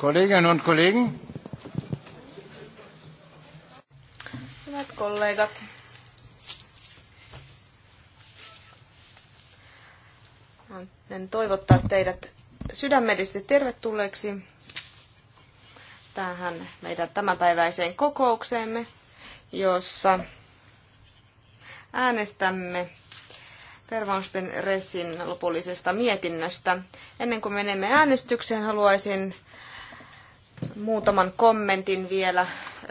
Kolleginnen und Kollegen. Hyvät kollegat. Haluan toivottaa teidät sydämellisesti tervetulleeksi tähän meidän tämänpäiväiseen kokoukseemme, jossa äänestämme Pervanspen Resin lopullisesta mietinnöstä. Ennen kuin menemme äänestykseen, haluaisin muutaman kommentin vielä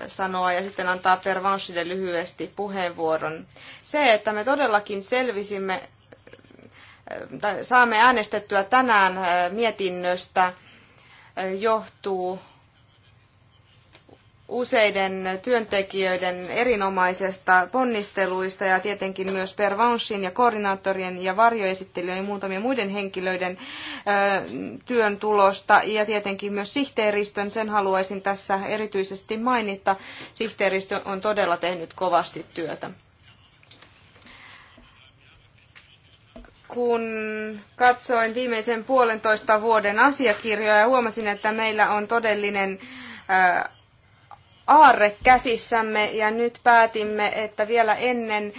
sanoa ja sitten antaa Pervanssille lyhyesti puheenvuoron. Se, että me todellakin selvisimme, äh, tai saamme äänestettyä tänään äh, mietinnöstä, äh, johtuu useiden työntekijöiden erinomaisesta ponnisteluista ja tietenkin myös Pervanssin ja koordinaattorien ja varjoesittelijöiden ja muutamien muiden henkilöiden työn tulosta ja tietenkin myös sihteeristön, sen haluaisin tässä erityisesti mainita. Sihteeristö on todella tehnyt kovasti työtä. kun katsoin viimeisen puolentoista vuoden asiakirjoja ja huomasin, että meillä on todellinen aarre käsissämme ja nyt päätimme, että vielä ennen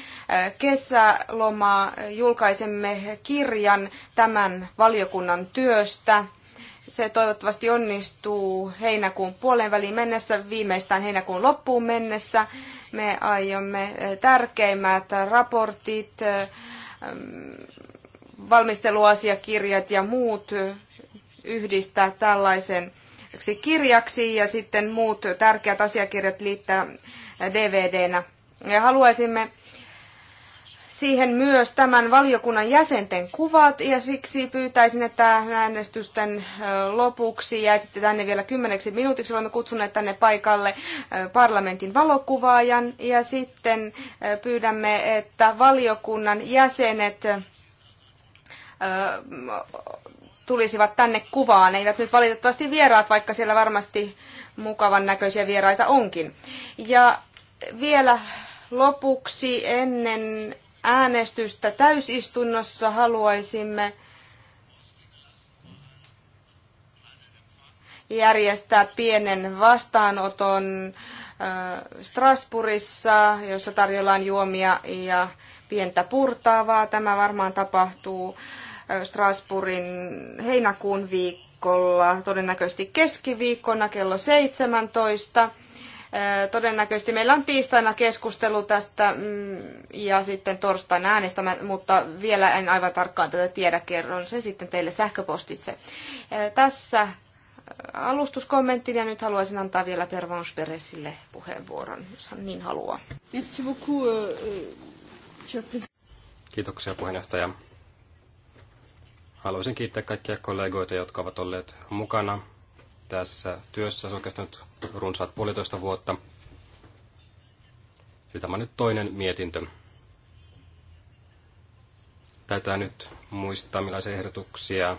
kesälomaa julkaisemme kirjan tämän valiokunnan työstä. Se toivottavasti onnistuu heinäkuun puolen väliin mennessä, viimeistään heinäkuun loppuun mennessä. Me aiomme tärkeimmät raportit, valmisteluasiakirjat ja muut yhdistää tällaisen kirjaksi ja sitten muut tärkeät asiakirjat liittää DVD: DVD-nä. Ja haluaisimme siihen myös tämän valiokunnan jäsenten kuvat ja siksi pyytäisin, että äänestysten lopuksi jäisitte tänne vielä kymmeneksi minuutiksi. Olemme kutsuneet tänne paikalle parlamentin valokuvaajan ja sitten pyydämme, että valiokunnan jäsenet tulisivat tänne kuvaan. Ne eivät nyt valitettavasti vieraat, vaikka siellä varmasti mukavan näköisiä vieraita onkin. Ja vielä lopuksi ennen äänestystä täysistunnossa haluaisimme järjestää pienen vastaanoton Strasbourgissa, jossa tarjollaan juomia ja pientä purtaavaa. Tämä varmaan tapahtuu Strasbourgin heinäkuun viikolla, todennäköisesti keskiviikkona kello 17. Todennäköisesti meillä on tiistaina keskustelu tästä mm, ja sitten torstaina äänestämään, mutta vielä en aivan tarkkaan tätä tiedä, kerron sen sitten teille sähköpostitse. Tässä alustuskommenttini ja nyt haluaisin antaa vielä Pervons Peresille puheenvuoron, jos hän niin haluaa. Euh, euh, Kiitoksia puheenjohtaja. Haluaisin kiittää kaikkia kollegoita, jotka ovat olleet mukana tässä työssä. Se on kestänyt runsaat puolitoista vuotta. Ja tämä on nyt toinen mietintö. Täytyy nyt muistaa, millaisia ehdotuksia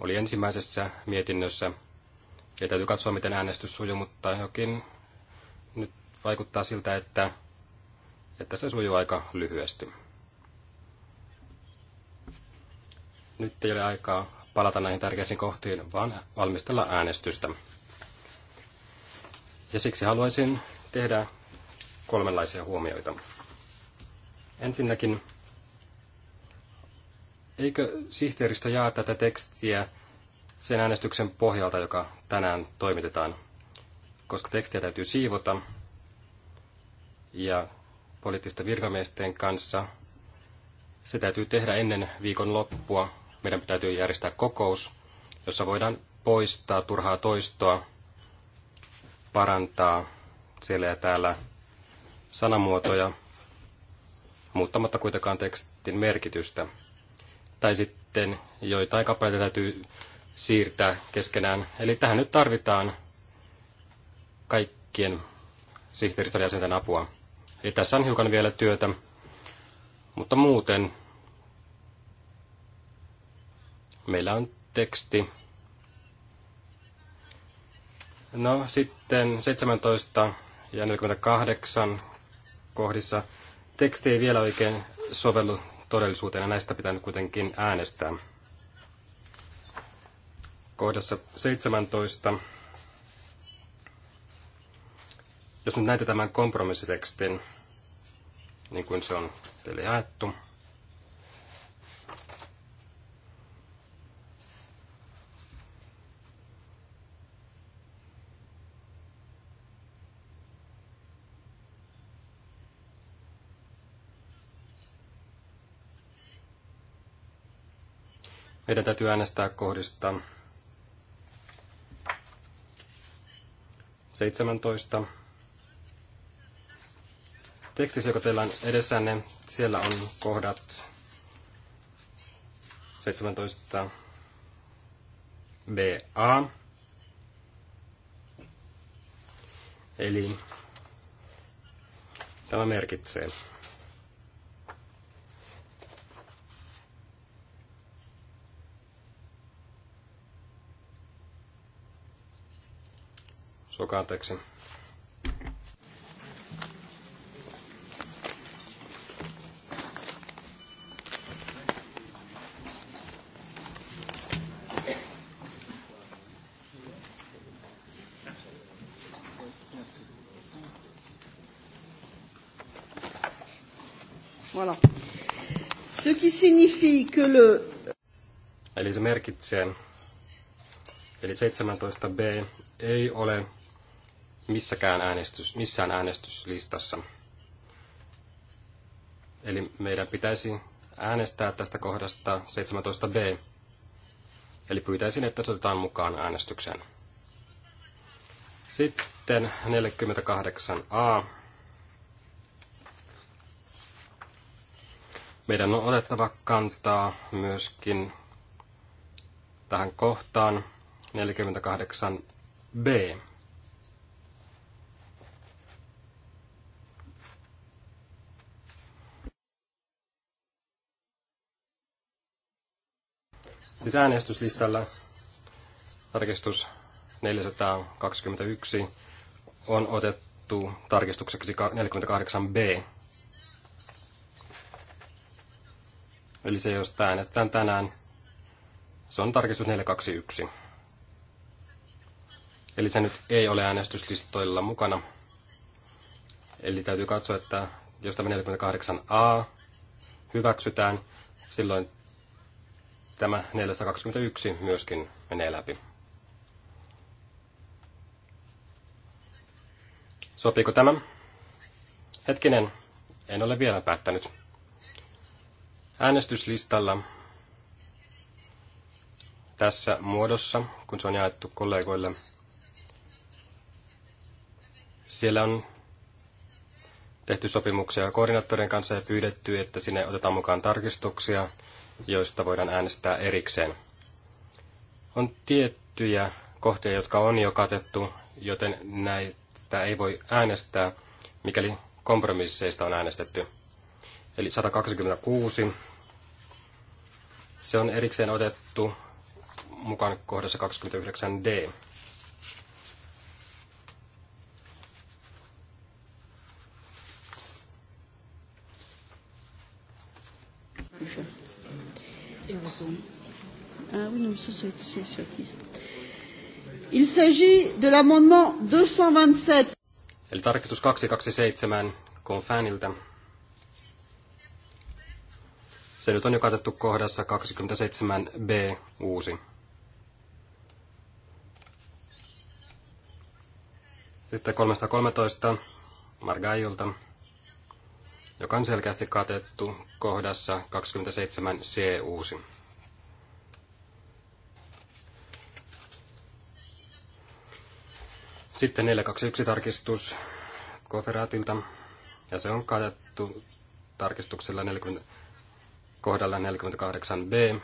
oli ensimmäisessä mietinnössä. Ja täytyy katsoa, miten äänestys sujuu, mutta jokin nyt vaikuttaa siltä, että, että se sujuu aika lyhyesti. Nyt ei ole aikaa palata näihin tärkeisiin kohtiin, vaan valmistella äänestystä. Ja siksi haluaisin tehdä kolmenlaisia huomioita. Ensinnäkin, eikö sihteeristö jaa tätä tekstiä sen äänestyksen pohjalta, joka tänään toimitetaan, koska tekstiä täytyy siivota ja poliittisten virkamiesten kanssa se täytyy tehdä ennen viikon loppua meidän täytyy järjestää kokous, jossa voidaan poistaa turhaa toistoa, parantaa siellä ja täällä sanamuotoja, muuttamatta kuitenkaan tekstin merkitystä. Tai sitten joitain kappaleita täytyy siirtää keskenään. Eli tähän nyt tarvitaan kaikkien sihteeristön jäsenten apua. Eli tässä on hiukan vielä työtä, mutta muuten Meillä on teksti. No sitten 17 ja 48 kohdissa teksti ei vielä oikein sovellu todellisuuteen ja näistä pitää nyt kuitenkin äänestää. Kohdassa 17. Jos nyt näitä tämän kompromissitekstin, niin kuin se on teille jaettu, Meidän täytyy äänestää kohdista 17. Tekstissä, joka teillä on edessänne, siellä on kohdat 17 BA. Eli tämä merkitsee Suokaa anteeksi. Voilà. Ce qui signifie que le... Eli se merkitsee, eli 17b ei ole missäkään äänestys, missään äänestyslistassa. Eli meidän pitäisi äänestää tästä kohdasta 17b. Eli pyytäisin, että se otetaan mukaan äänestykseen. Sitten 48a. Meidän on otettava kantaa myöskin tähän kohtaan 48b. Siis äänestyslistalla tarkistus 421 on otettu tarkistukseksi 48b. Eli se, jos äänestetään tänään, se on tarkistus 421. Eli se nyt ei ole äänestyslistoilla mukana. Eli täytyy katsoa, että jos tämä 48a hyväksytään, silloin tämä 421 myöskin menee läpi. Sopiiko tämä? Hetkinen, en ole vielä päättänyt. Äänestyslistalla tässä muodossa, kun se on jaettu kollegoille, siellä on tehty sopimuksia koordinaattorien kanssa ja pyydetty, että sinne otetaan mukaan tarkistuksia, joista voidaan äänestää erikseen. On tiettyjä kohtia, jotka on jo katettu, joten näitä ei voi äänestää, mikäli kompromisseista on äänestetty. Eli 126. Se on erikseen otettu mukaan kohdassa 29d. Ah oui, non, ça c'est sûr Il s'agit de l'amendement 227. Eli tarkistus 227 Confanilta. Se nyt on jo katettu kohdassa 27b uusi. Sitten 313 Margailta, joka on selkeästi katettu kohdassa 27c uusi. Sitten 421 tarkistus koferaatilta, ja se on katettu tarkistuksella 40, kohdalla 48b.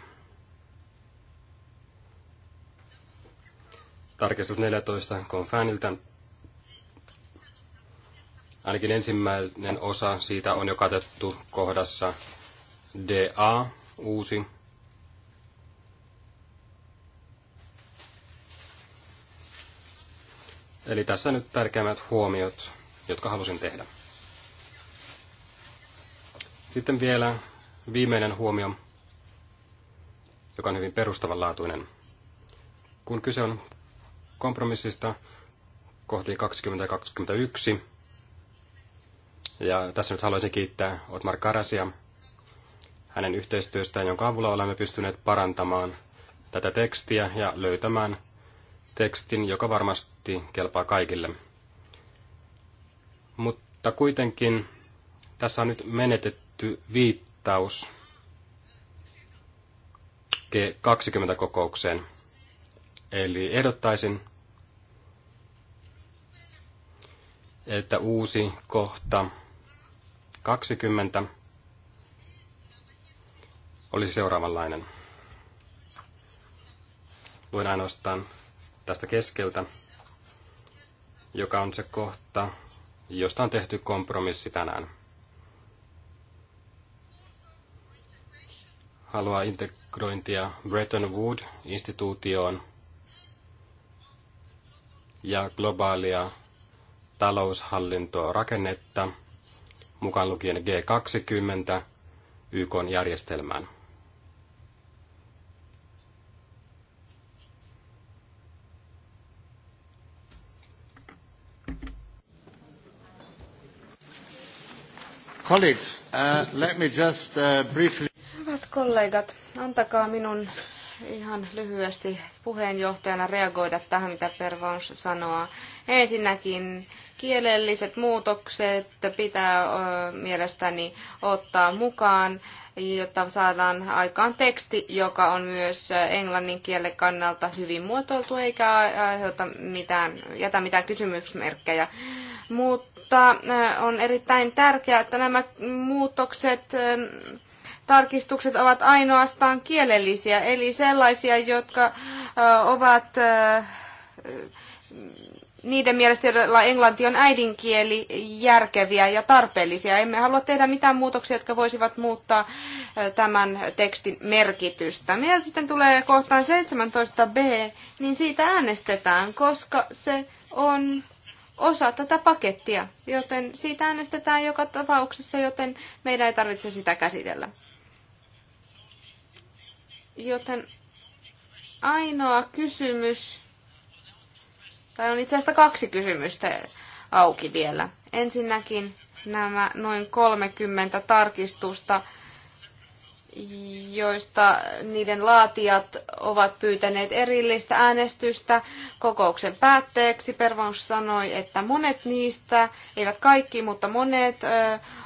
Tarkistus 14 konfääniltä. Ainakin ensimmäinen osa siitä on jo katettu kohdassa DA, uusi Eli tässä nyt tärkeimmät huomiot, jotka halusin tehdä. Sitten vielä viimeinen huomio, joka on hyvin perustavanlaatuinen. Kun kyse on kompromissista kohti 2021, ja tässä nyt haluaisin kiittää Otmar Karasia hänen yhteistyöstään, jonka avulla olemme pystyneet parantamaan tätä tekstiä ja löytämään – tekstin, joka varmasti kelpaa kaikille. Mutta kuitenkin tässä on nyt menetetty viittaus G20-kokoukseen. Eli ehdottaisin, että uusi kohta 20 olisi seuraavanlainen. Luen ainoastaan tästä keskeltä, joka on se kohta, josta on tehty kompromissi tänään. Haluaa integrointia Bretton Woods-instituutioon ja globaalia taloushallintoa rakennetta mukaan lukien G20, YK järjestelmään. Colleagues, uh, let me just uh, briefly... Hyvät kollegat, antakaa minun ihan lyhyesti puheenjohtajana reagoida tähän, mitä Pervons sanoo. Ensinnäkin kielelliset muutokset pitää mielestäni ottaa mukaan, jotta saadaan aikaan teksti, joka on myös englannin kielen kannalta hyvin muotoiltu eikä aiheuta mitään, jätä mitään kysymysmerkkejä. Mutta mutta äh, on erittäin tärkeää, että nämä muutokset, äh, tarkistukset ovat ainoastaan kielellisiä, eli sellaisia, jotka äh, ovat niiden mielestä, joilla englanti on äidinkieli, järkeviä ja tarpeellisia. Emme halua tehdä mitään muutoksia, jotka voisivat muuttaa tämän tekstin merkitystä. Meillä sitten tulee kohtaan 17b, niin siitä äänestetään, koska se on osa tätä pakettia, joten siitä äänestetään joka tapauksessa, joten meidän ei tarvitse sitä käsitellä. Joten ainoa kysymys, tai on itse asiassa kaksi kysymystä auki vielä. Ensinnäkin nämä noin 30 tarkistusta joista niiden laatijat ovat pyytäneet erillistä äänestystä. Kokouksen päätteeksi Pervons sanoi, että monet niistä, eivät kaikki, mutta monet,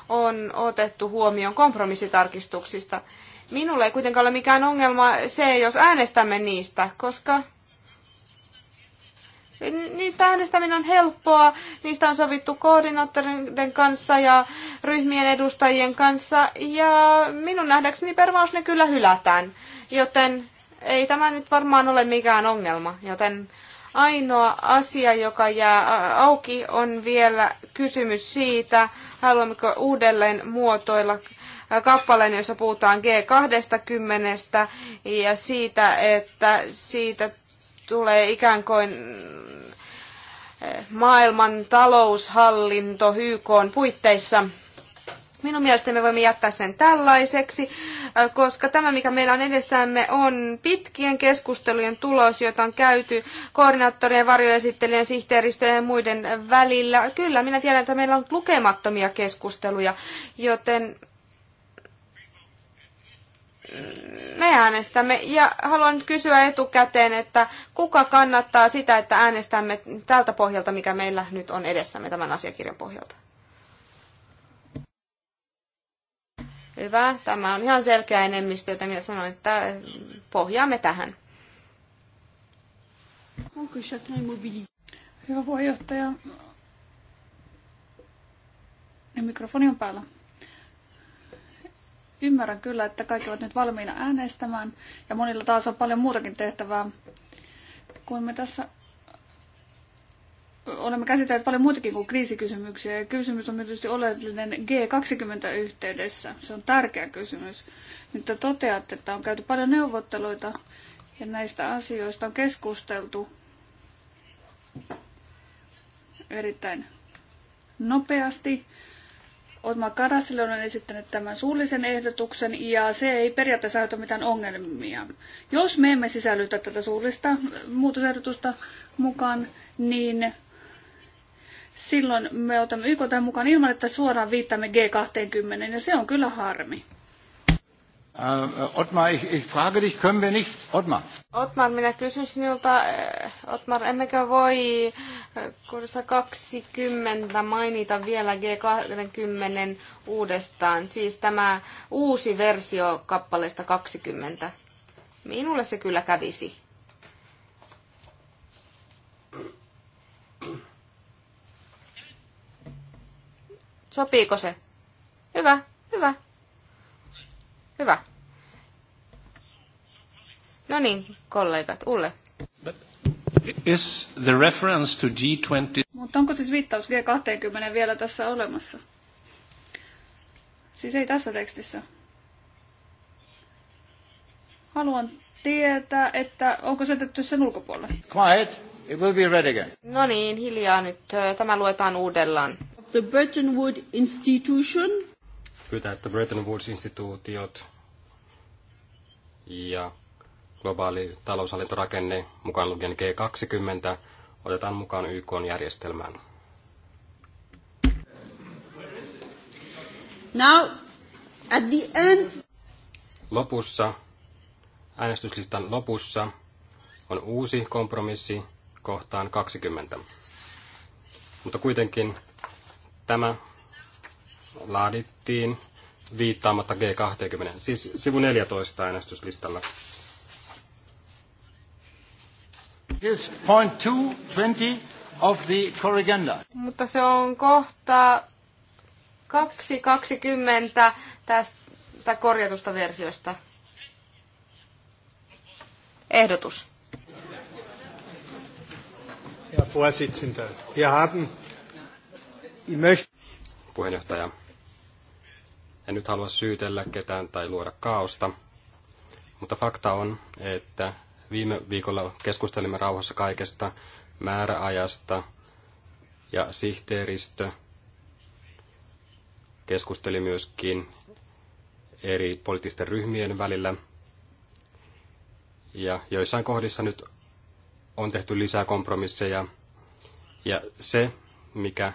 on otettu huomioon kompromissitarkistuksista. Minulle ei kuitenkaan ole mikään ongelma se, jos äänestämme niistä, koska niistä äänestäminen on helppoa, niistä on sovittu koordinaattoreiden kanssa ja ryhmien edustajien kanssa, ja minun nähdäkseni pervaus ne kyllä hylätään, joten ei tämä nyt varmaan ole mikään ongelma, joten ainoa asia, joka jää auki, on vielä kysymys siitä, haluammeko uudelleen muotoilla kappaleen, jossa puhutaan G20 ja siitä, että siitä tulee ikään kuin maailman taloushallinto YK puitteissa. Minun mielestäni me voimme jättää sen tällaiseksi, äh, koska tämä, mikä meillä on edessämme, on pitkien keskustelujen tulos, joita on käyty koordinaattorien, varjoesittelijän, sihteeristöjen ja muiden välillä. Kyllä, minä tiedän, että meillä on lukemattomia keskusteluja, joten me äänestämme. Ja haluan nyt kysyä etukäteen, että kuka kannattaa sitä, että äänestämme tältä pohjalta, mikä meillä nyt on edessämme tämän asiakirjan pohjalta? Hyvä. Tämä on ihan selkeä enemmistö, joten minä sanoin, että eh, pohjaamme tähän. Hyvä puheenjohtaja. Ja niin mikrofoni on päällä. Ymmärrän kyllä, että kaikki ovat nyt valmiina äänestämään ja monilla taas on paljon muutakin tehtävää kuin me tässä olemme käsitelleet paljon muutakin kuin kriisikysymyksiä. Ja kysymys on tietysti oleellinen G20-yhteydessä. Se on tärkeä kysymys. Nyt te toteatte, että on käyty paljon neuvotteluita ja näistä asioista on keskusteltu erittäin nopeasti. Otma Karasille on esittänyt tämän suullisen ehdotuksen ja se ei periaatteessa aiheuta mitään ongelmia. Jos me emme sisällytä tätä suullista muutosehdotusta mukaan, niin silloin me otamme YK mukaan ilman, että suoraan viittaamme G20 ja se on kyllä harmi. Äh, Otmar, ich, ich frage dich, können wir nicht? Otmar. Otmar, minä kysyn sinulta, äh, Otmar, emmekö voi äh, kurssa 20 mainita vielä G20 uudestaan, siis tämä uusi versio kappaleesta 20? Minulle se kyllä kävisi. Sopiiko se? Hyvä, hyvä. Hyvä. No niin, kollegat, Ulle. But is the reference to G20... Mutta onko siis viittaus G20 vielä tässä olemassa? Siis ei tässä tekstissä. Haluan tietää, että onko se jätetty sen ulkopuolelle. Quiet. It will be read again. No niin, hiljaa nyt. Tämä luetaan uudellaan. The Bretton Woods Institution pyytää, että Bretton Woods-instituutiot ja globaali taloushallintorakenne, mukaan lukien G20, otetaan mukaan YK-järjestelmään. Now, at the end... Lopussa, äänestyslistan lopussa, on uusi kompromissi kohtaan 20. Mutta kuitenkin tämä laadittiin viittaamatta G20, siis sivu 14 äänestyslistalla. Yes, point two, of the corrigenda. Mutta se on kohta 2.20 tästä korjatusta versiosta. Ehdotus. Herr Vorsitzender, wir haben, ich möchte puheenjohtaja. En nyt halua syytellä ketään tai luoda kaosta, mutta fakta on, että viime viikolla keskustelimme rauhassa kaikesta määräajasta ja sihteeristö keskusteli myöskin eri poliittisten ryhmien välillä. Ja joissain kohdissa nyt on tehty lisää kompromisseja. Ja se, mikä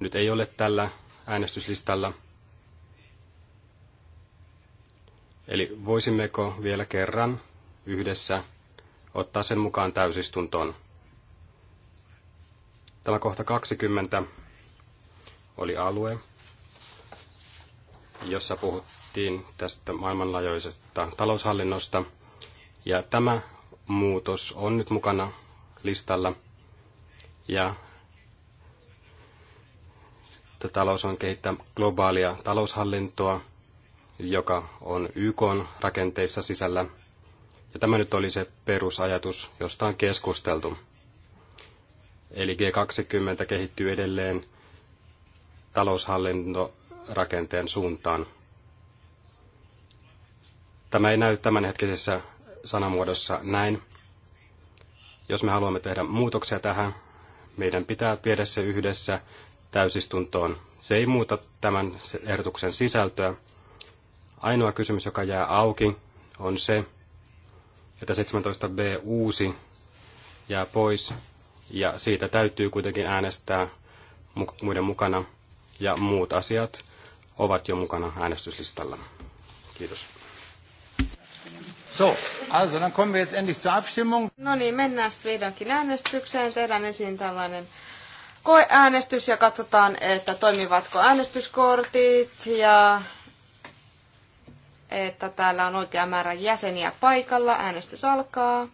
nyt ei ole tällä äänestyslistalla. Eli voisimmeko vielä kerran yhdessä ottaa sen mukaan täysistuntoon? Tämä kohta 20 oli alue, jossa puhuttiin tästä maailmanlaajuisesta taloushallinnosta. Ja tämä muutos on nyt mukana listalla. Ja talous on kehittää globaalia taloushallintoa, joka on YK rakenteissa sisällä. Ja tämä nyt oli se perusajatus, josta on keskusteltu. Eli G20 kehittyy edelleen taloushallintorakenteen suuntaan. Tämä ei näy tämänhetkisessä sanamuodossa näin. Jos me haluamme tehdä muutoksia tähän, meidän pitää viedä se yhdessä täysistuntoon. Se ei muuta tämän ehdotuksen sisältöä. Ainoa kysymys, joka jää auki, on se, että 17b uusi jää pois, ja siitä täytyy kuitenkin äänestää muiden mukana, ja muut asiat ovat jo mukana äänestyslistalla. Kiitos. So, also dann kommen wir jetzt endlich zur Abstimmung. No niin, mennään sitten vihdoinkin äänestykseen. Tehdään ensin tällainen koeäänestys ja katsotaan, että toimivatko äänestyskortit ja että täällä on oikea määrä jäseniä paikalla. Äänestys alkaa.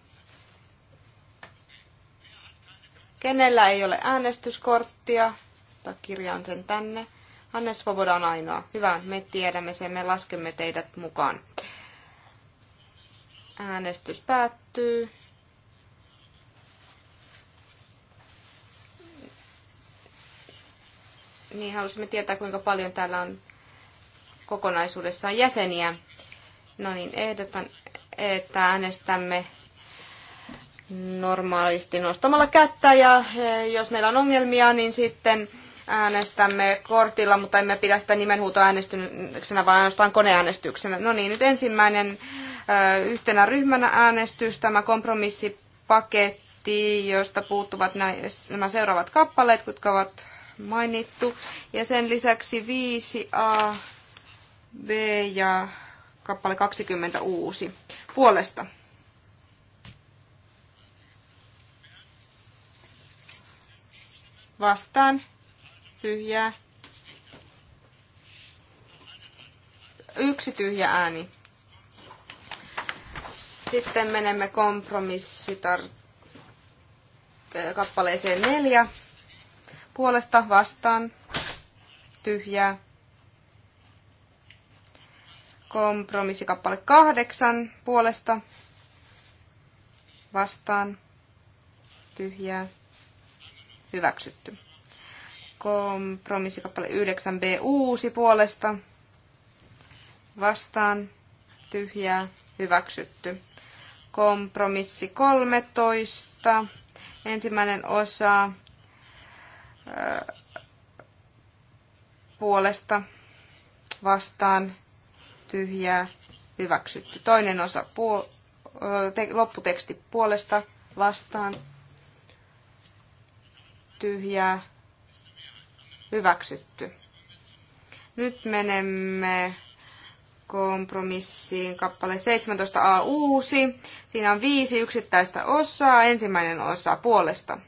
Kenellä ei ole äänestyskorttia, tai kirjaan sen tänne. Hannes Svoboda on ainoa. Hyvä, me tiedämme sen, me laskemme teidät mukaan. Äänestys päättyy. niin halusimme tietää, kuinka paljon täällä on kokonaisuudessaan jäseniä. No niin, ehdotan, että äänestämme normaalisti nostamalla kättä ja e, jos meillä on ongelmia, niin sitten äänestämme kortilla, mutta emme pidä sitä nimenhuutoäänestyksenä, vaan ainoastaan koneäänestyksenä. No niin, nyt ensimmäinen e, yhtenä ryhmänä äänestys, tämä kompromissipaketti, josta puuttuvat nämä seuraavat kappaleet, jotka ovat mainittu. Ja sen lisäksi 5a, b ja kappale 20 uusi puolesta. Vastaan. Tyhjää. Yksi tyhjä ääni. Sitten menemme kompromissitar kappaleeseen neljä puolesta vastaan tyhjää. Kompromissikappale kahdeksan puolesta vastaan tyhjää. Hyväksytty. Kompromissikappale 9b uusi puolesta vastaan tyhjää. Hyväksytty. Kompromissi 13. Ensimmäinen osa puolesta vastaan tyhjää hyväksytty. Toinen osa puol- te- lopputeksti puolesta vastaan tyhjää hyväksytty. Nyt menemme kompromissiin kappale 17a uusi. Siinä on viisi yksittäistä osaa. Ensimmäinen osa puolesta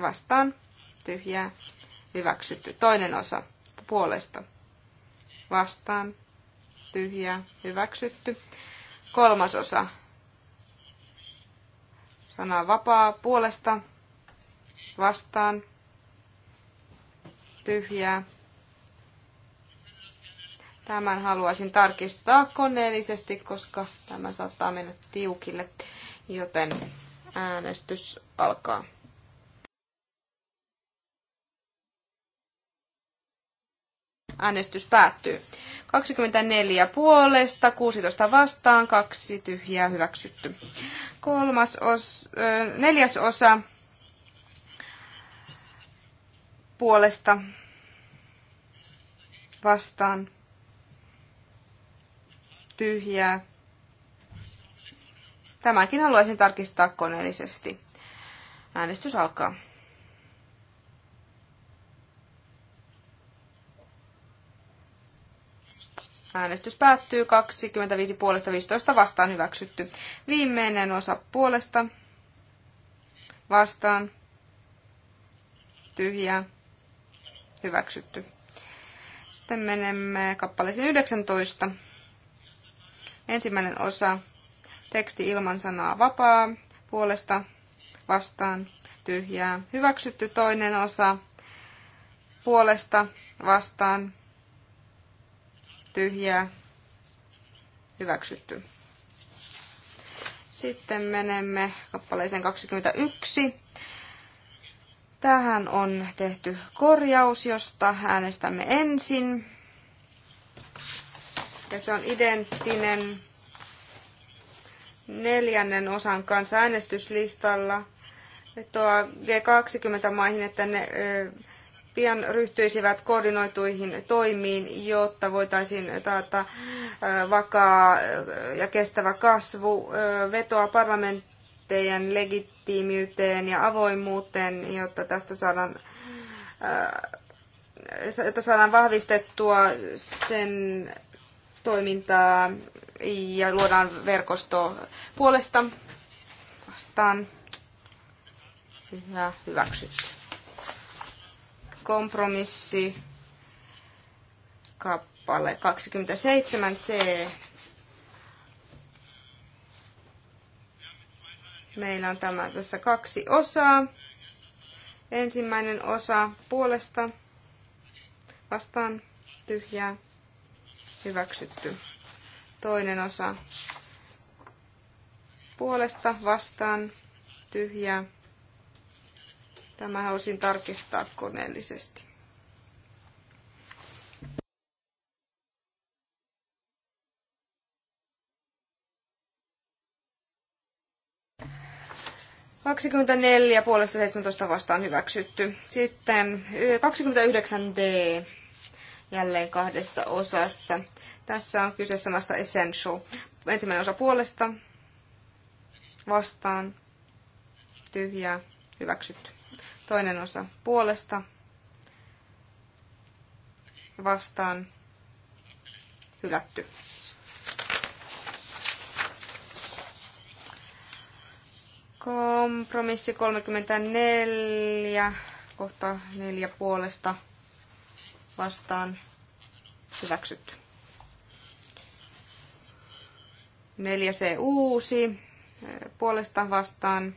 vastaan, tyhjää, hyväksytty. Toinen osa puolesta vastaan, tyhjää, hyväksytty. Kolmas osa sana vapaa puolesta vastaan, tyhjää. Tämän haluaisin tarkistaa koneellisesti, koska tämä saattaa mennä tiukille, joten äänestys alkaa. Äänestys päättyy. 24 puolesta, 16 vastaan, kaksi tyhjää hyväksytty. Kolmas os, neljäs osa puolesta vastaan tyhjää. Tämäkin haluaisin tarkistaa koneellisesti. Äänestys alkaa. Äänestys päättyy 25 puolesta 15 vastaan hyväksytty. Viimeinen osa puolesta vastaan tyhjä hyväksytty. Sitten menemme kappaleeseen 19. Ensimmäinen osa teksti ilman sanaa vapaa puolesta vastaan tyhjää hyväksytty. Toinen osa puolesta vastaan tyhjää, hyväksytty. Sitten menemme kappaleeseen 21. Tähän on tehty korjaus, josta äänestämme ensin. Ja se on identtinen neljännen osan kanssa äänestyslistalla tuo G20-maihin, että ne ö, pian ryhtyisivät koordinoituihin toimiin, jotta voitaisiin taata vakaa ja kestävä kasvu, vetoa parlamenttejen legitiimiyteen ja avoimuuteen, jotta tästä saadaan jotta saadaan vahvistettua sen toimintaa ja luodaan verkosto puolesta vastaan ja hyväksytty kompromissi kappale 27c. Meillä on tämä tässä kaksi osaa. Ensimmäinen osa puolesta vastaan tyhjää hyväksytty. Toinen osa puolesta vastaan tyhjää Tämä halusin tarkistaa koneellisesti. Kaksikymmentäneljä puolesta 17 vastaan hyväksytty. Sitten 29 D jälleen kahdessa osassa. Tässä on kyse sanasta essential. Ensimmäinen osa puolesta vastaan tyhjää hyväksytty. Toinen osa puolesta vastaan hylätty. Kompromissi 34, kohta 4 puolesta vastaan hyväksytty. 4C uusi, puolesta vastaan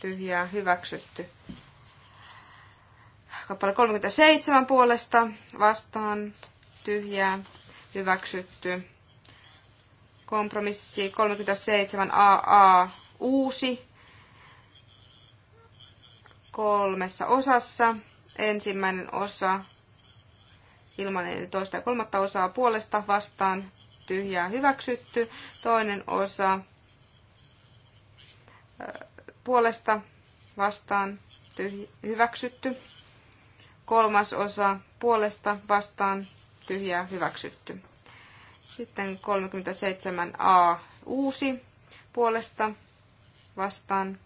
tyhjää hyväksytty. Kappale 37 puolesta vastaan tyhjää hyväksytty. Kompromissi 37 AA uusi kolmessa osassa. Ensimmäinen osa ilman toista ja kolmatta osaa puolesta vastaan tyhjää hyväksytty. Toinen osa puolesta vastaan tyhjää, hyväksytty. Kolmas osa puolesta vastaan tyhjää hyväksytty. Sitten 37a uusi puolesta vastaan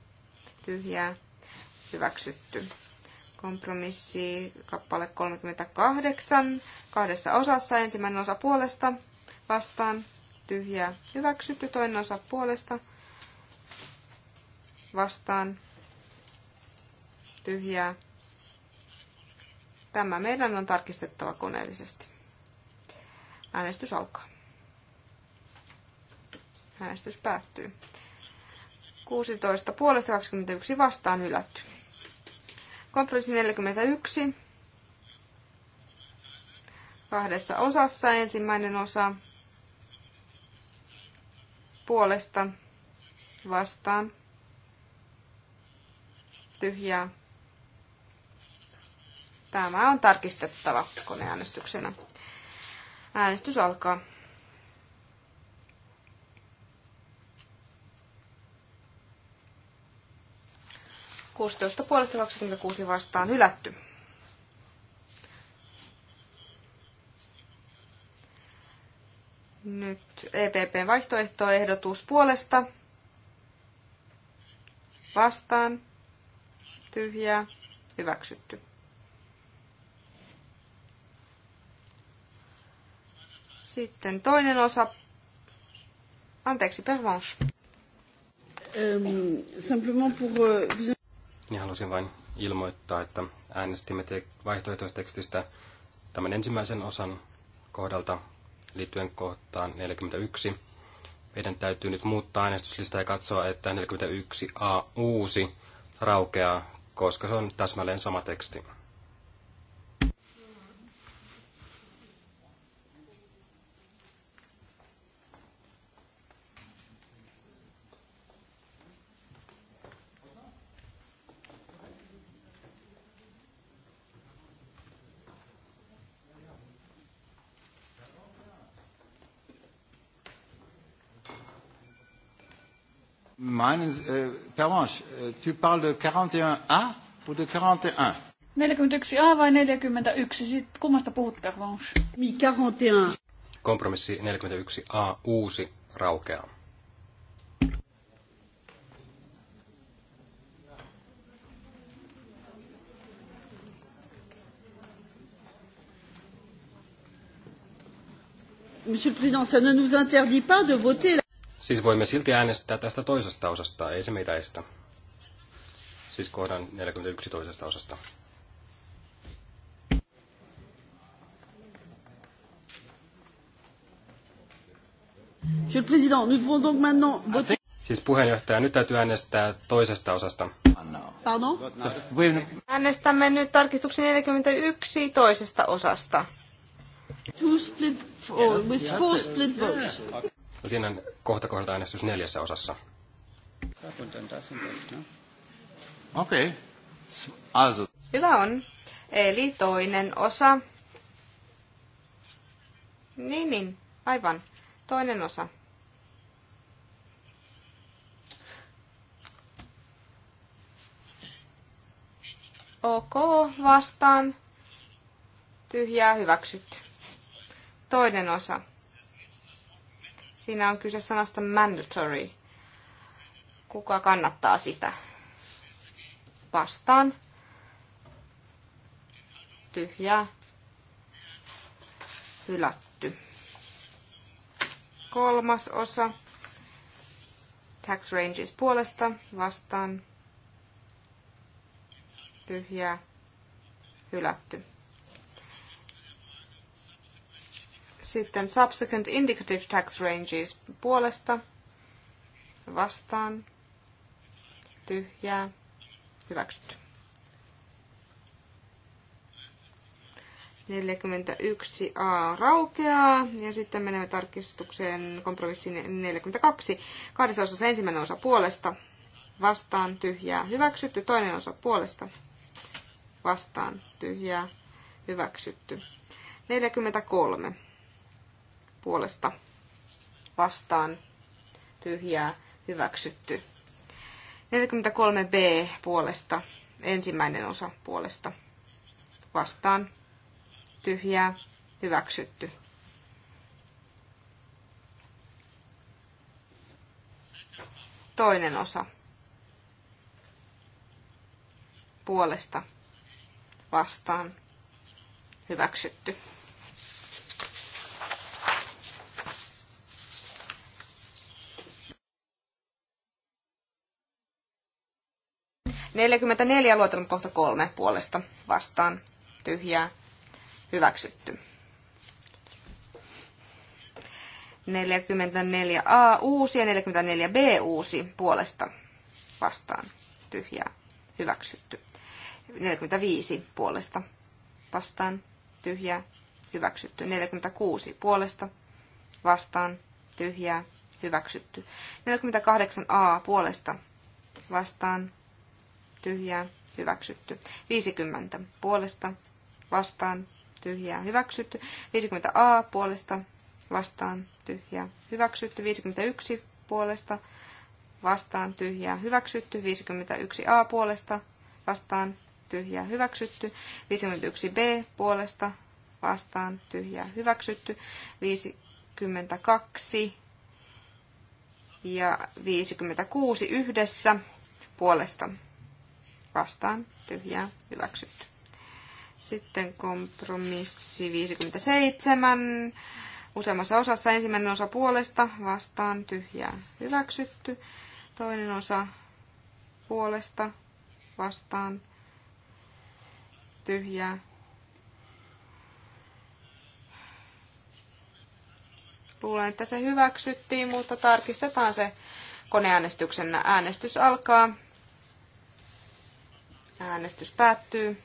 tyhjää hyväksytty. Kompromissi kappale 38 kahdessa osassa. Ensimmäinen osa puolesta vastaan tyhjää hyväksytty. Toinen osa puolesta vastaan tyhjää Tämä meidän on tarkistettava koneellisesti. Äänestys alkaa. Äänestys päättyy. 16 puolesta 21 vastaan hylätty. Kompromissi 41. Kahdessa osassa. Ensimmäinen osa puolesta vastaan. Tyhjää Tämä on tarkistettava koneäänestyksenä. Äänestys alkaa. Kuusitoista puolesta 26 vastaan hylätty. Nyt EPPn vaihtoehtoehdotus puolesta. Vastaan. Tyhjää. Hyväksytty. Sitten toinen osa. Anteeksi, Pervanche. Ehm, simplement pour... Euh, ja halusin vain ilmoittaa, että äänestimme te- vaihtoehtoistekstistä tämän ensimmäisen osan kohdalta liittyen kohtaan 41. Meidän täytyy nyt muuttaa äänestyslistaa ja katsoa, että 41a uusi raukeaa, koska se on täsmälleen sama teksti. Euh, euh, tu parles de 41A ou de 41? 41A vai 41? sit kummasta puhut, Pervenche? Mi 41. Kompromissi 41A uusi raukeaa. Monsieur le Président, ça ne nous interdit pas de voter. Siis voimme silti äänestää tästä toisesta osasta, ei se meitä estä. Siis kohdan 41 toisesta osasta. Monsieur le Président, nous devons donc maintenant voter. Siis puheenjohtaja, nyt täytyy äänestää toisesta osasta. Pardon? Äänestämme nyt tarkistuksen 41 toisesta osasta. Two split, oh, with four split votes. No siinä on kohta kohdalta äänestys neljässä osassa. Okei. Okay. Also. Hyvä on. Eli toinen osa. Niin, niin. Aivan. Toinen osa. Ok, vastaan. Tyhjää hyväksytty. Toinen osa. Siinä on kyse sanasta mandatory. Kuka kannattaa sitä? Vastaan. Tyhjää. Hylätty. Kolmas osa. Tax ranges puolesta. Vastaan. Tyhjää. Hylätty. Sitten Subsequent Indicative Tax Ranges puolesta, vastaan, tyhjää, hyväksytty. 41a raukeaa ja sitten menemme tarkistukseen kompromissiin 42. Kahdessa osassa ensimmäinen osa puolesta, vastaan, tyhjää, hyväksytty. Toinen osa puolesta, vastaan, tyhjää, hyväksytty. 43 puolesta vastaan tyhjää hyväksytty. 43b puolesta ensimmäinen osa puolesta vastaan tyhjää hyväksytty. Toinen osa puolesta vastaan hyväksytty. 44 luotelun kohta kolme puolesta vastaan tyhjää hyväksytty. 44a uusi ja 44b uusi puolesta vastaan tyhjää hyväksytty. 45 puolesta vastaan tyhjää hyväksytty. 46 puolesta vastaan tyhjää hyväksytty. 48a puolesta vastaan tyhjää, hyväksytty. 50 puolesta, vastaan, tyhjää, hyväksytty. 50a puolesta, vastaan, tyhjää, hyväksytty. 51 puolesta, vastaan, tyhjää, hyväksytty. 51a puolesta, vastaan, tyhjää, hyväksytty. 51b puolesta, vastaan, tyhjää, hyväksytty. 52 ja 56 yhdessä puolesta vastaan tyhjää hyväksytty. Sitten kompromissi 57. Useammassa osassa ensimmäinen osa puolesta vastaan tyhjää hyväksytty. Toinen osa puolesta vastaan tyhjää Luulen, että se hyväksyttiin, mutta tarkistetaan se koneäänestyksen. Äänestys alkaa. Äänestys päättyy.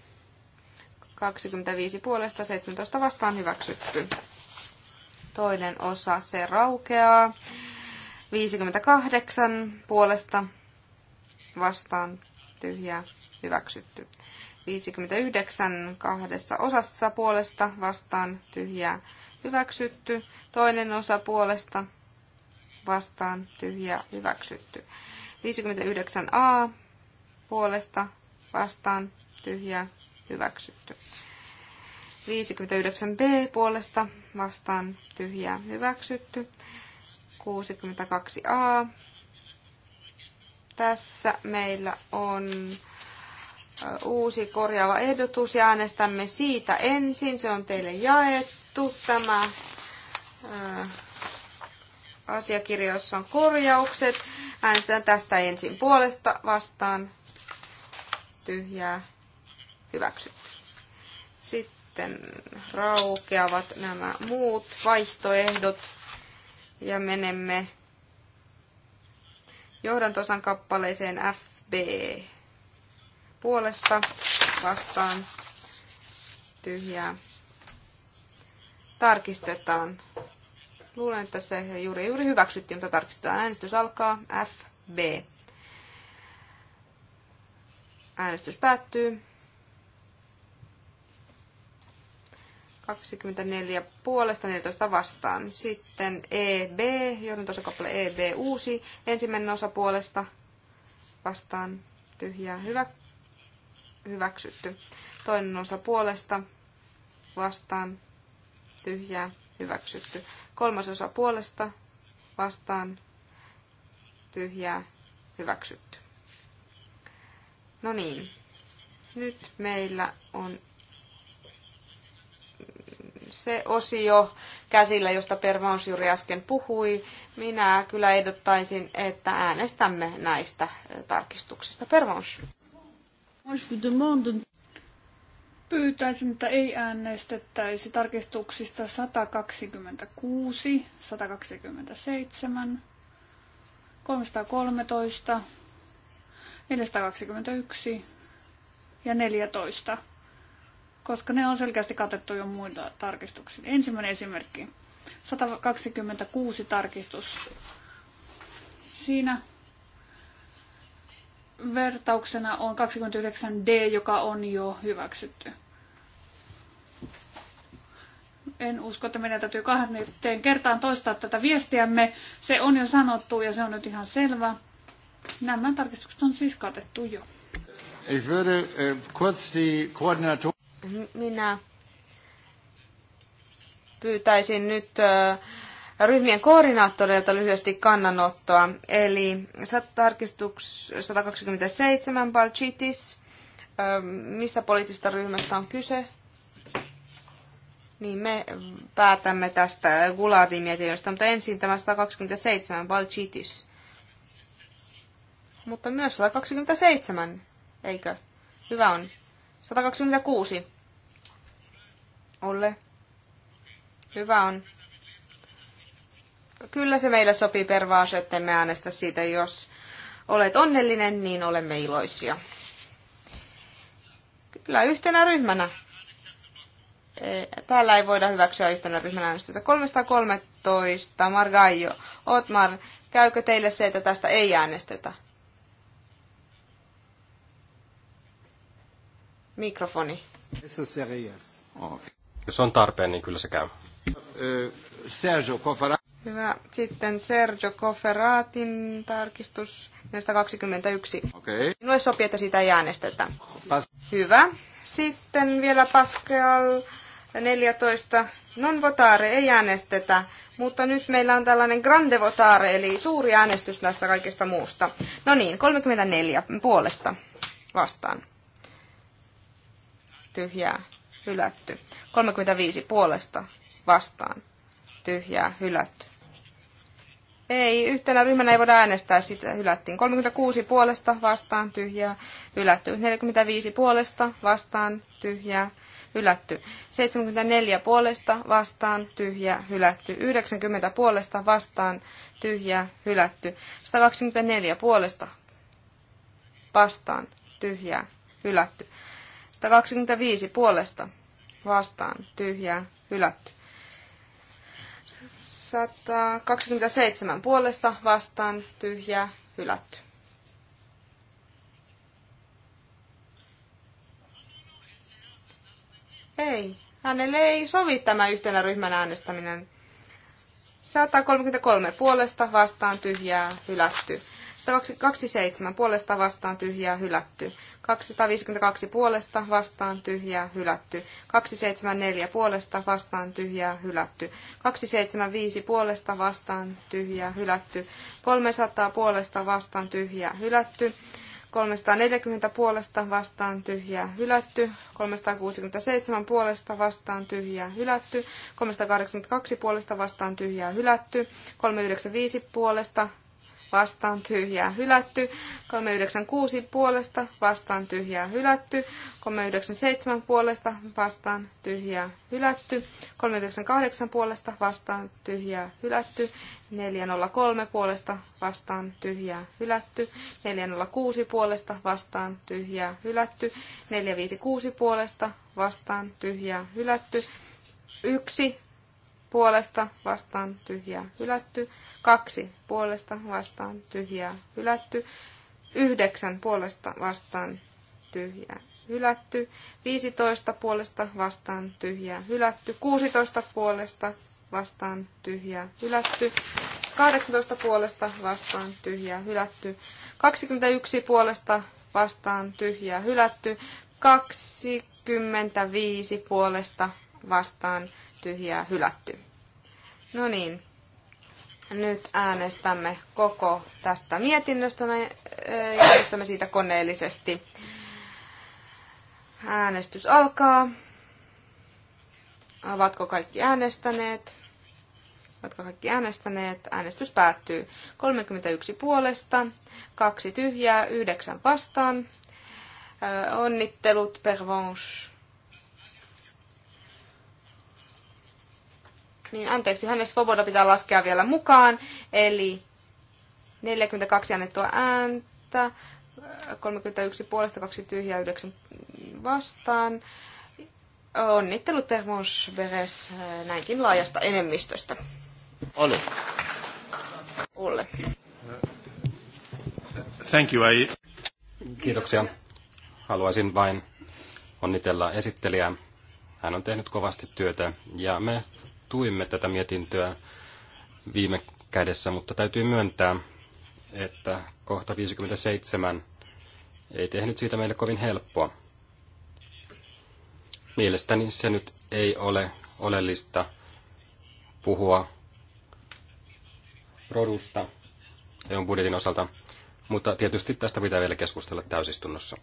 25 puolesta 17 vastaan hyväksytty. Toinen osa se raukeaa. 58 puolesta vastaan tyhjää hyväksytty. 59 kahdessa osassa puolesta vastaan tyhjää hyväksytty. Toinen osa puolesta vastaan tyhjää hyväksytty. 59a puolesta vastaan tyhjää hyväksytty. 59b puolesta vastaan tyhjää hyväksytty. 62a. Tässä meillä on uusi korjaava ehdotus ja äänestämme siitä ensin. Se on teille jaettu. Tämä asiakirjoissa on korjaukset. Äänestetään tästä ensin puolesta vastaan tyhjää, hyväksytty. Sitten raukeavat nämä muut vaihtoehdot ja menemme johdantosan kappaleeseen FB puolesta vastaan tyhjää. Tarkistetaan. Luulen, että se juuri, juuri hyväksyttiin, mutta tarkistetaan. Äänestys alkaa. FB. Äänestys päättyy. 24 puolesta, 14 vastaan. Sitten EB, johdon kappale EB uusi, ensimmäinen osa puolesta vastaan tyhjää hyvä, hyväksytty. Toinen osa puolesta vastaan tyhjää hyväksytty. Kolmas osa puolesta vastaan tyhjää hyväksytty. No niin, nyt meillä on se osio käsillä, josta Pervans juuri äsken puhui. Minä kyllä ehdottaisin, että äänestämme näistä eh, tarkistuksista. Pervans. Pyytäisin, että ei äänestettäisi tarkistuksista 126, 127, 313, 421 ja 14, koska ne on selkeästi katettu jo muilla tarkistuksilla. Ensimmäinen esimerkki, 126 tarkistus. Siinä vertauksena on 29D, joka on jo hyväksytty. En usko, että meidän täytyy kahden kertaan toistaa tätä viestiämme. Se on jo sanottu ja se on nyt ihan selvä. Nämä tarkistukset on siis katettu jo. Äh, Minä pyytäisin nyt äh, ryhmien koordinaattoreilta lyhyesti kannanottoa. Eli tarkistuks 127 Balchitis. Mistä poliittisesta ryhmästä on kyse? Niin me päätämme tästä Gulardin mietinnöstä, mutta ensin tämä 127 Balchitis mutta myös 127, eikö? Hyvä on. 126. Olle. Hyvä on. Kyllä se meillä sopii pervaas, että me äänestä siitä, jos olet onnellinen, niin olemme iloisia. Kyllä yhtenä ryhmänä. E, täällä ei voida hyväksyä yhtenä ryhmän äänestystä. 313, Margaio, Otmar, käykö teille se, että tästä ei äänestetä? Mikrofoni. Okay. Jos on tarpeen, niin kyllä se käy. Eh, Sergio Cofferati. Hyvä. Sitten Sergio Coferatin tarkistus 421. Okei. Okay. Minulle sopii, että sitä ei äänestetä. Pas- Hyvä. Sitten vielä Pascal 14. Non votare ei äänestetä, mutta nyt meillä on tällainen grande votare, eli suuri äänestys näistä kaikesta muusta. No niin, 34 puolesta vastaan tyhjää, hylätty. 35 puolesta vastaan, tyhjää, hylätty. Ei, yhtenä ryhmänä ei voida äänestää, sitä hylättiin. 36 puolesta vastaan, tyhjää, hylätty. 45 puolesta vastaan, tyhjää, hylätty. 74 puolesta vastaan, tyhjä, hylätty. 90 puolesta vastaan, tyhjä, hylätty. 124 puolesta vastaan, tyhjä, hylätty. 125 puolesta vastaan tyhjää hylätty. 127 puolesta vastaan tyhjää hylätty. Ei, hänelle ei sovi tämä yhtenä ryhmän äänestäminen. 133 puolesta vastaan tyhjää hylätty. 127 puolesta vastaan tyhjää hylätty. 252 puolesta vastaan tyhjää hylätty. 274 puolesta vastaan tyhjää hylätty. 275 puolesta vastaan tyhjää hylätty. 300 puolesta vastaan tyhjää hylätty. 340 puolesta vastaan tyhjää hylätty, 367 puolesta vastaan tyhjää hylätty, 382 puolesta vastaan tyhjää hylätty, 395 puolesta vastaan tyhjää hylätty, 396 puolesta vastaan tyhjää hylätty, 397 puolesta vastaan tyhjää hylätty, 398 puolesta vastaan tyhjää hylätty, 403 puolesta vastaan tyhjää hylätty, 406 puolesta vastaan tyhjää hylätty, 456 puolesta vastaan tyhjää hylätty, 1 puolesta vastaan tyhjää hylätty, Kaksi puolesta vastaan tyhjää hylätty. Yhdeksän puolesta vastaan tyhjää hylätty. 15 puolesta vastaan tyhjää hylätty. 16 puolesta vastaan tyhjää hylätty. 18 puolesta vastaan tyhjää hylätty. 21 puolesta vastaan tyhjää hylätty. 25 puolesta vastaan tyhjää hylätty. No niin, nyt äänestämme koko tästä mietinnöstä ja äh, äänestämme siitä koneellisesti. Äänestys alkaa. Ovatko kaikki äänestäneet? Ovatko kaikki äänestäneet? Äänestys päättyy. 31 puolesta, kaksi tyhjää, yhdeksän vastaan. Äh, onnittelut, Pervenche. Niin anteeksi, hänen Svoboda pitää laskea vielä mukaan. Eli 42 annettua ääntä, 31 puolesta, 2 tyhjää, 9 vastaan. Onnittelut Pervons Beres näinkin laajasta enemmistöstä. Oli. Olle. Thank you, I... Kiitoksia. Haluaisin vain onnitella esittelijää. Hän on tehnyt kovasti työtä ja me tuimme tätä mietintöä viime kädessä, mutta täytyy myöntää, että kohta 57 ei tehnyt siitä meille kovin helppoa. Mielestäni se nyt ei ole oleellista puhua rodusta EUn budjetin osalta, mutta tietysti tästä pitää vielä keskustella täysistunnossa.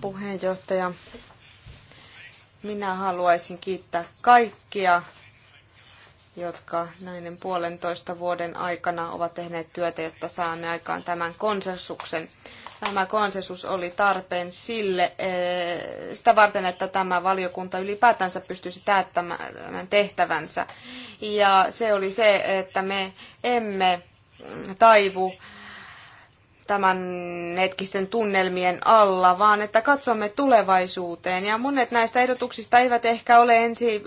Puheenjohtaja, minä haluaisin kiittää kaikkia, jotka näiden puolentoista vuoden aikana ovat tehneet työtä, jotta saamme aikaan tämän konsensuksen. Tämä konsensus oli tarpeen sille, e, sitä varten, että tämä valiokunta ylipäätänsä pystyisi täyttämään tehtävänsä. Ja se oli se, että me emme taivu tämän hetkisten tunnelmien alla, vaan että katsomme tulevaisuuteen. Ja monet näistä ehdotuksista eivät ehkä ole ensi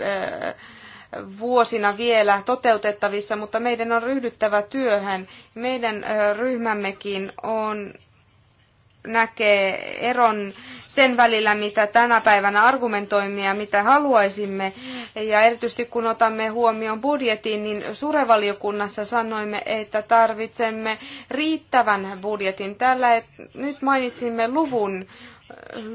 vuosina vielä toteutettavissa, mutta meidän on ryhdyttävä työhön. Meidän ryhmämmekin on näkee eron sen välillä, mitä tänä päivänä argumentoimme ja mitä haluaisimme. Ja erityisesti kun otamme huomioon budjetin, niin surevaliokunnassa sanoimme, että tarvitsemme riittävän budjetin. Tällä nyt mainitsimme luvun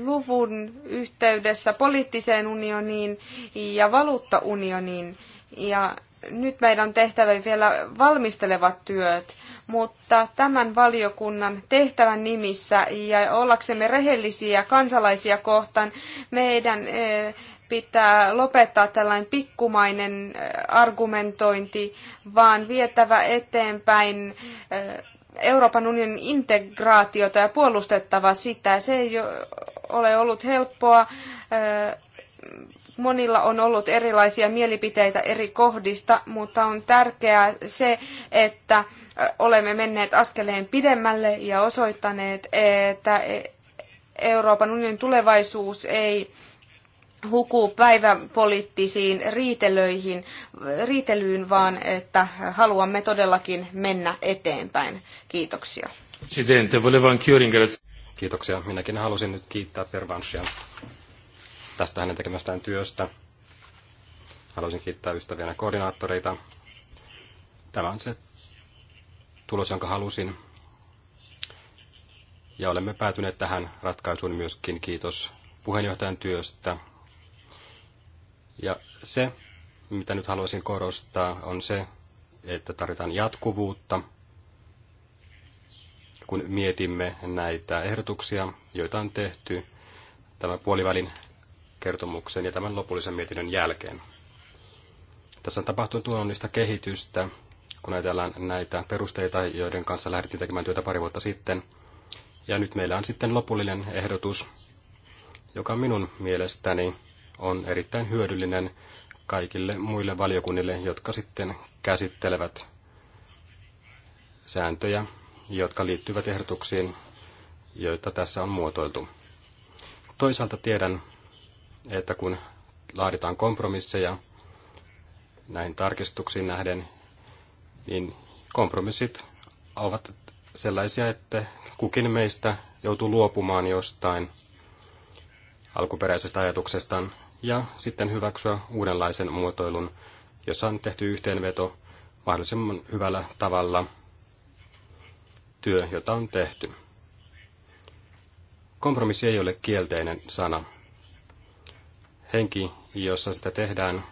luvun yhteydessä poliittiseen unioniin ja valuuttaunioniin. Ja nyt meidän on tehtävä vielä valmistelevat työt mutta tämän valiokunnan tehtävän nimissä ja ollaksemme rehellisiä kansalaisia kohtaan meidän eh, pitää lopettaa tällainen pikkumainen eh, argumentointi, vaan vietävä eteenpäin eh, Euroopan unionin integraatiota ja puolustettava sitä. Se ei ole ollut helppoa Monilla on ollut erilaisia mielipiteitä eri kohdista, mutta on tärkeää se, että olemme menneet askeleen pidemmälle ja osoittaneet, että e, Euroopan unionin tulevaisuus ei huku päiväpoliittisiin riitelöihin, riitelyyn, vaan että haluamme todellakin mennä eteenpäin. Kiitoksia. Kiitoksia. Minäkin halusin nyt kiittää Pervanchian tästä hänen tekemästään työstä. Haluaisin kiittää ystävienä koordinaattoreita. Tämä on se tulos, jonka halusin. Ja olemme päätyneet tähän ratkaisuun myöskin. Kiitos puheenjohtajan työstä. Ja se, mitä nyt haluaisin korostaa, on se, että tarvitaan jatkuvuutta, kun mietimme näitä ehdotuksia, joita on tehty tämän puolivälin kertomuksen ja tämän lopullisen mietinnön jälkeen. Tässä on tapahtunut luonnollista kehitystä, kun ajatellaan näitä perusteita, joiden kanssa lähdettiin tekemään työtä pari vuotta sitten. Ja nyt meillä on sitten lopullinen ehdotus, joka minun mielestäni on erittäin hyödyllinen kaikille muille valiokunnille, jotka sitten käsittelevät sääntöjä, jotka liittyvät ehdotuksiin, joita tässä on muotoiltu. Toisaalta tiedän, että kun laaditaan kompromisseja näihin tarkistuksiin nähden, niin kompromissit ovat sellaisia, että kukin meistä joutuu luopumaan jostain alkuperäisestä ajatuksestaan ja sitten hyväksyä uudenlaisen muotoilun, jossa on tehty yhteenveto mahdollisimman hyvällä tavalla työ, jota on tehty. Kompromissi ei ole kielteinen sana henki, jossa sitä tehdään,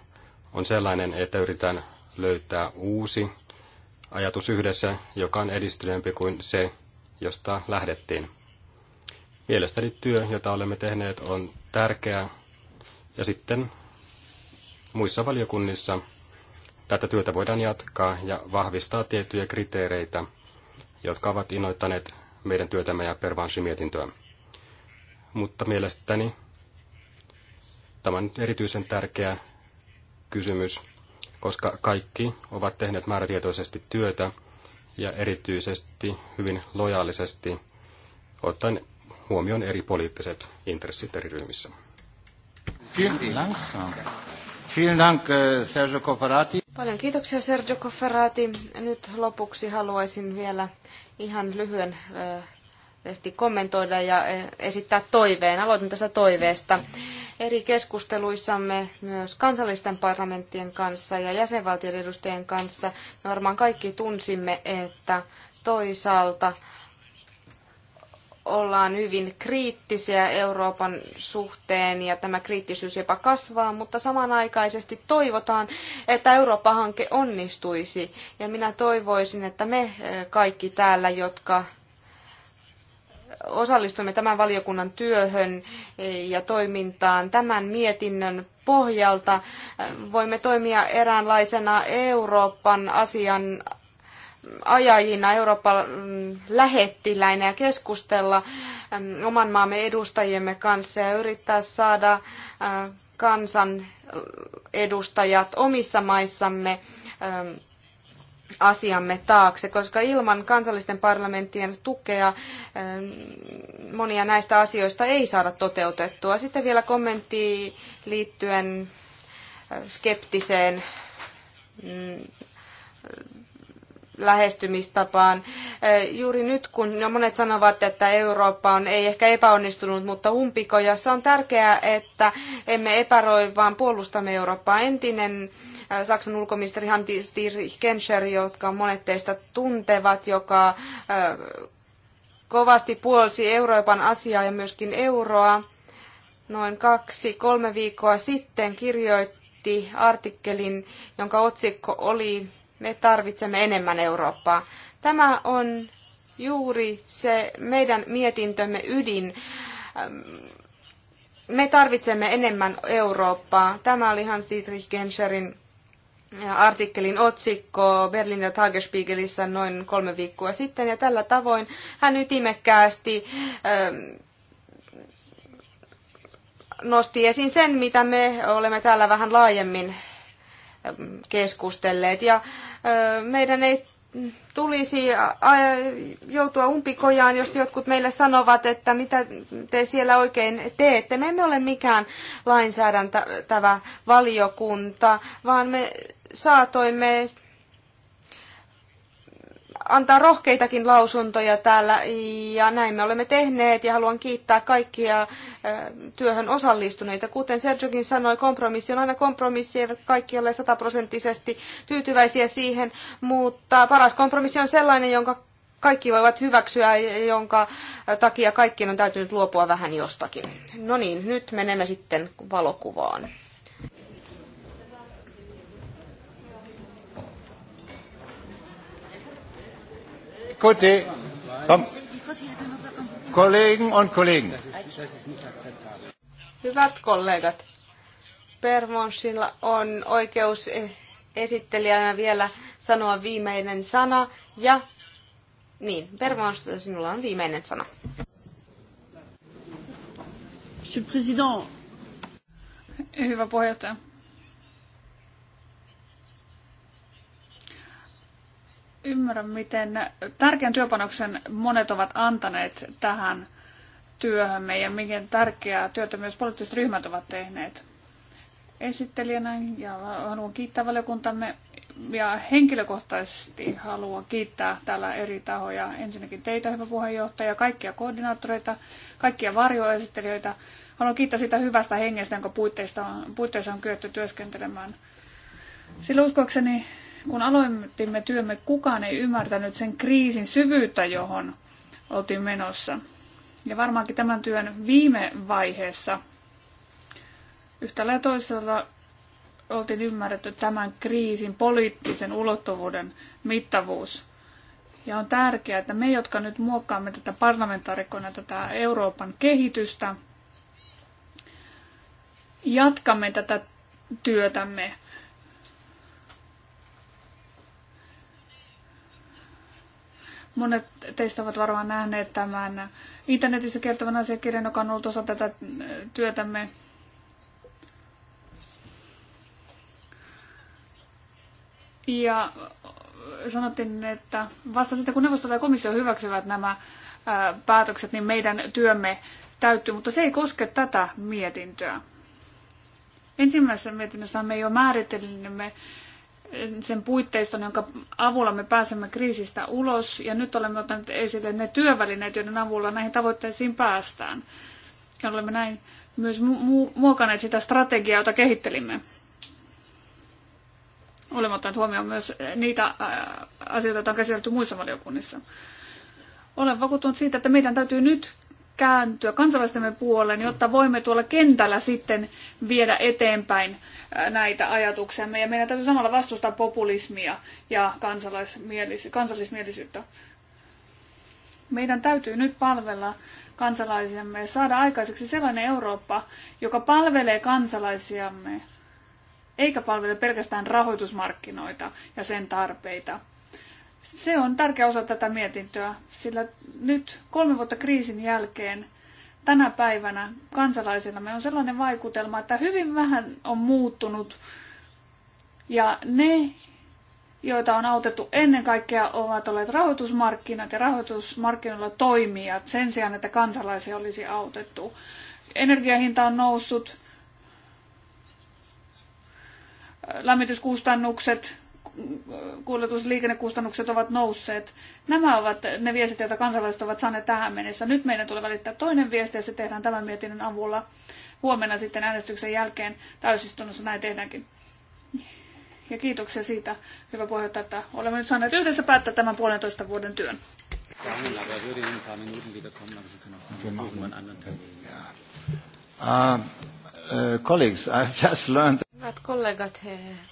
on sellainen, että yritetään löytää uusi ajatus yhdessä, joka on edistyneempi kuin se, josta lähdettiin. Mielestäni työ, jota olemme tehneet, on tärkeää. Ja sitten muissa valiokunnissa tätä työtä voidaan jatkaa ja vahvistaa tiettyjä kriteereitä, jotka ovat innoittaneet meidän työtämme ja Pervansi Mutta mielestäni Tämä on erityisen tärkeä kysymys, koska kaikki ovat tehneet määrätietoisesti työtä ja erityisesti hyvin lojaalisesti ottaen huomioon eri poliittiset intressit eri ryhmissä. Äh, Paljon kiitoksia Sergio Cofferati. Nyt lopuksi haluaisin vielä ihan lyhyen äh, kommentoida ja äh, esittää toiveen. Aloitan tästä toiveesta eri keskusteluissamme myös kansallisten parlamenttien kanssa ja jäsenvaltioiden edustajien kanssa. Me varmaan kaikki tunsimme, että toisaalta ollaan hyvin kriittisiä Euroopan suhteen ja tämä kriittisyys jopa kasvaa, mutta samanaikaisesti toivotaan, että Eurooppa-hanke onnistuisi. Ja minä toivoisin, että me eh, kaikki täällä, jotka osallistumme tämän valiokunnan työhön ja toimintaan tämän mietinnön pohjalta. Voimme toimia eräänlaisena Euroopan asian ajajina, Euroopan lähettiläinä ja keskustella oman maamme edustajiemme kanssa ja yrittää saada kansan edustajat omissa maissamme asiamme taakse, koska ilman kansallisten parlamenttien tukea eh, monia näistä asioista ei saada toteutettua. Sitten vielä kommentti liittyen eh, skeptiseen mm, lähestymistapaan. Juuri nyt, kun no monet sanovat, että Eurooppa on ei ehkä epäonnistunut, mutta umpikojassa on tärkeää, että emme epäroi, vaan puolustamme Eurooppaa. Entinen Saksan ulkoministeri Hans-Dietrich Genscher, jotka monet teistä tuntevat, joka kovasti puolsi Euroopan asiaa ja myöskin euroa, noin kaksi-kolme viikkoa sitten kirjoitti artikkelin, jonka otsikko oli me tarvitsemme enemmän Eurooppaa. Tämä on juuri se meidän mietintömme ydin. Ähm, me tarvitsemme enemmän Eurooppaa. Tämä oli Hans-Dietrich Genscherin äh, artikkelin otsikko Berliner Tagesspiegelissä noin kolme viikkoa sitten, ja tällä tavoin hän ytimekkäästi ähm, nosti esiin sen, mitä me olemme täällä vähän laajemmin keskustelleet. Ja meidän ei tulisi joutua umpikojaan, jos jotkut meille sanovat, että mitä te siellä oikein teette. Me emme ole mikään lainsäädäntävä valiokunta, vaan me saatoimme antaa rohkeitakin lausuntoja täällä ja näin me olemme tehneet ja haluan kiittää kaikkia työhön osallistuneita. Kuten Sergiokin sanoi, kompromissi on aina kompromissi, ja kaikki ole sataprosenttisesti tyytyväisiä siihen, mutta paras kompromissi on sellainen, jonka kaikki voivat hyväksyä, jonka takia kaikkien on täytynyt luopua vähän jostakin. No niin, nyt menemme sitten valokuvaan. Kollegen Kollegen und Kollegen. Hyvät kollegat, Permonsilla on oikeus esittelijänä vielä sanoa viimeinen sana ja niin, Permons, sinulla on viimeinen sana. Monsieur le Président. Hyvä puheenjohtaja. ymmärrä, miten tärkeän työpanoksen monet ovat antaneet tähän työhömme ja miten tärkeää työtä myös poliittiset ryhmät ovat tehneet esittelijänä ja haluan kiittää valiokuntamme ja henkilökohtaisesti haluan kiittää täällä eri tahoja. Ensinnäkin teitä, hyvä puheenjohtaja, kaikkia koordinaattoreita, kaikkia varjoesittelijöitä. Haluan kiittää sitä hyvästä hengestä, jonka puitteissa on, puitteissa on kyetty työskentelemään. Sillä uskoakseni kun aloitimme työmme, kukaan ei ymmärtänyt sen kriisin syvyyttä, johon oltiin menossa. Ja varmaankin tämän työn viime vaiheessa yhtällä ja toisella oltiin ymmärretty tämän kriisin poliittisen ulottuvuuden mittavuus. Ja on tärkeää, että me, jotka nyt muokkaamme tätä parlamentaarikkoina, tätä Euroopan kehitystä, jatkamme tätä työtämme Monet teistä ovat varmaan nähneet tämän internetissä kertovan asiakirjan, joka on ollut osa tätä äh, työtämme. Ja sanottiin, että vasta sitten kun neuvosto tai komissio hyväksyvät nämä äh, päätökset, niin meidän työmme täyttyy, mutta se ei koske tätä mietintöä. Ensimmäisessä mietinnössä me jo määrittelimme sen puitteiston, jonka avulla me pääsemme kriisistä ulos. Ja nyt olemme ottaneet esille ne työvälineet, joiden avulla näihin tavoitteisiin päästään. Ja olemme näin myös mu- muokanneet sitä strategiaa, jota kehittelimme. Olemme ottaneet huomioon myös niitä asioita, joita on käsitelty muissa valiokunnissa. Olen vakuuttunut siitä, että meidän täytyy nyt kääntyä kansalaistemme puoleen, jotta voimme tuolla kentällä sitten viedä eteenpäin näitä ajatuksiamme. Ja meidän täytyy samalla vastustaa populismia ja kansallismielisyyttä. Meidän täytyy nyt palvella kansalaisiamme saada aikaiseksi sellainen Eurooppa, joka palvelee kansalaisiamme, eikä palvele pelkästään rahoitusmarkkinoita ja sen tarpeita. Se on tärkeä osa tätä mietintöä, sillä nyt kolme vuotta kriisin jälkeen – tänä päivänä kansalaisillamme on sellainen vaikutelma, että hyvin vähän on muuttunut ja ne, joita on autettu ennen kaikkea, ovat olleet rahoitusmarkkinat ja rahoitusmarkkinoilla toimijat sen sijaan, että kansalaisia olisi autettu. Energiahinta on noussut, lämmityskustannukset, kuljetusliikennekustannukset ovat nousseet. Nämä ovat ne viestit, joita kansalaiset ovat saaneet tähän mennessä. Nyt meidän tulee välittää toinen viesti ja se tehdään tämän mietinnön avulla. Huomenna sitten äänestyksen jälkeen täysistunnossa näin tehdäänkin. Ja kiitoksia siitä, hyvä puheenjohtaja, että olemme nyt saaneet yhdessä päättää tämän puolentoista vuoden työn. Uh, Uh, colleagues, I've just learned... Hyvät kollegat,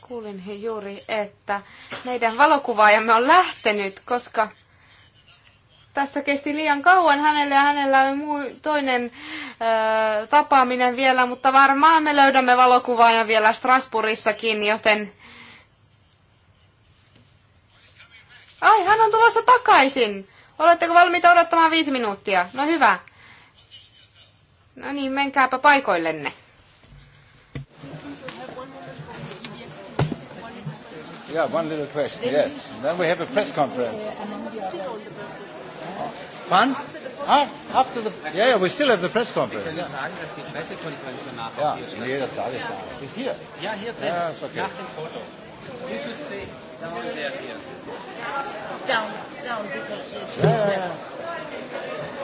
kuulin he juuri, että meidän valokuvaajamme on lähtenyt, koska tässä kesti liian kauan hänelle ja hänellä oli muu, toinen ö, uh, tapaaminen vielä, mutta varmaan me löydämme valokuvaajan vielä Strasbourgissakin, joten... Ai, hän on tulossa takaisin! Oletteko valmiita odottamaan viisi minuuttia? No hyvä. No niin, menkääpä paikoillenne. Yeah, one little question, yes. And then we have a press conference. Fun? Ah, after the, yeah, yeah, we still have the press conference. Sie können sagen, dass die Pressekonferenz danach ja, nee, das sage ich da. Ist hier? Ja, hier drin. Ja, ist okay. Nach dem Foto. You should stay down there hier. Down, down, because it's yeah, yeah, yeah.